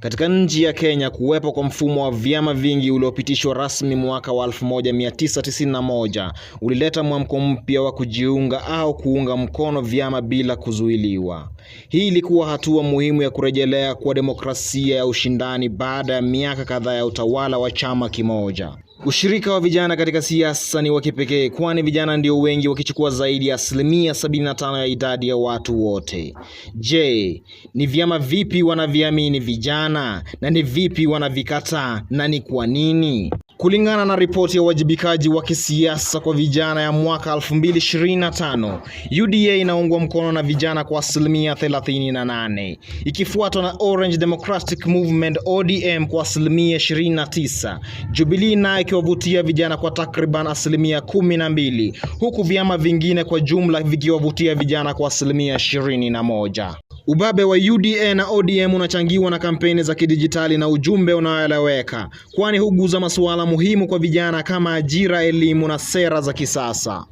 Katika nchi ya Kenya kuwepo kwa mfumo wa vyama vingi uliopitishwa rasmi mwaka wa 1991 ulileta mwamko mpya wa kujiunga au kuunga mkono vyama bila kuzuiliwa. Hii ilikuwa hatua muhimu ya kurejelea kwa demokrasia ya ushindani baada ya miaka kadhaa ya utawala wa chama kimoja. Ushirika wa vijana katika siasa ni wa kipekee, kwani vijana ndio wengi wakichukua zaidi ya asilimia 75 ya idadi ya watu wote. Je, ni vyama vipi wanaviamini vijana na ni vipi wanavikataa na ni kwa nini? Kulingana na ripoti ya uwajibikaji wa kisiasa kwa vijana ya mwaka 2025, UDA inaungwa mkono na vijana kwa asilimia 38, ikifuatwa na Orange Democratic Movement ODM kwa asilimia 29, Jubilee nayo ikiwavutia vijana kwa takriban asilimia 12, huku vyama vingine kwa jumla vikiwavutia vijana kwa asilimia 21. Ubabe wa UDA na ODM unachangiwa na kampeni za kidijitali na ujumbe unaoeleweka, kwani huguza masuala muhimu kwa vijana kama ajira, elimu na sera za kisasa.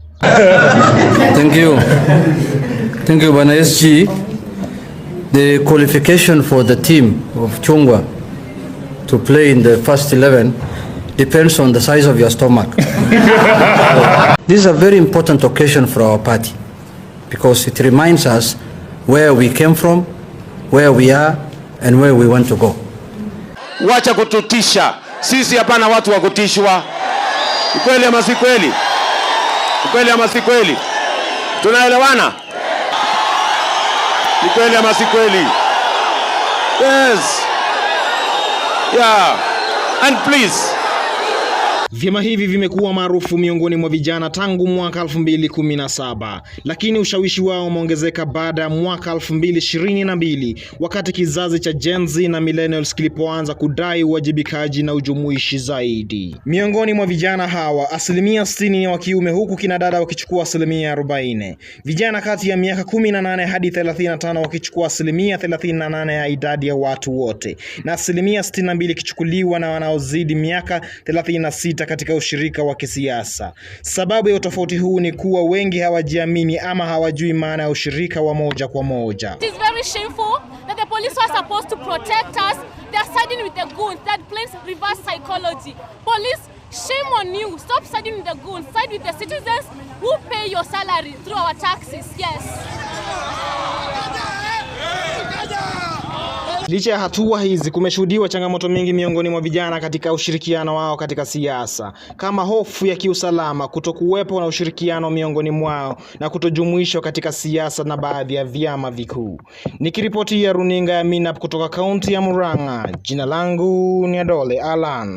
Thank you. Thank you, Bwana SG. The qualification for the team of Chungwa to play in the first 11 depends on the size of your stomach. This is a very important occasion for our party because it reminds us where we came from, where we are and where we want to go. Wacha kututisha sisi, hapana watu wa kutishwa. Kweli ama si kweli? Kweli ama si kweli? Tunaelewana? Ni kweli ama si kweli? Yes. Yeah. And please Vyama hivi vimekuwa maarufu miongoni mwa vijana tangu mwaka 2017, lakini ushawishi wao umeongezeka baada ya mwaka 2022 wakati kizazi cha Gen Z na Millennials kilipoanza kudai uwajibikaji na ujumuishi zaidi. Miongoni mwa vijana hawa, asilimia 60 ni wa kiume huku kina dada wakichukua asilimia 40. Vijana kati ya miaka 18 hadi 35 wakichukua asilimia 38 ya idadi ya watu wote na asilimia 62 ikichukuliwa na wanaozidi miaka 36 katika ushirika wa kisiasa. Sababu ya utofauti huu ni kuwa wengi hawajiamini ama hawajui maana ya ushirika wa moja kwa moja. It is very shameful that the police were supposed to protect us. They are siding with the goons that plays reverse psychology. Police, shame on you. Stop siding with the goons. Side with the citizens who pay your salary through our taxes. Yes. Licha ya hatua hizi, kumeshuhudiwa changamoto mingi miongoni mwa vijana katika ushirikiano wao katika siasa, kama hofu ya kiusalama, kutokuwepo na ushirikiano miongoni mwao na kutojumuishwa katika siasa na baadhi ya vyama vikuu. ya runinga ya Minap kutoka kaunti ya Murang'a, jina langu ni Adole Alan.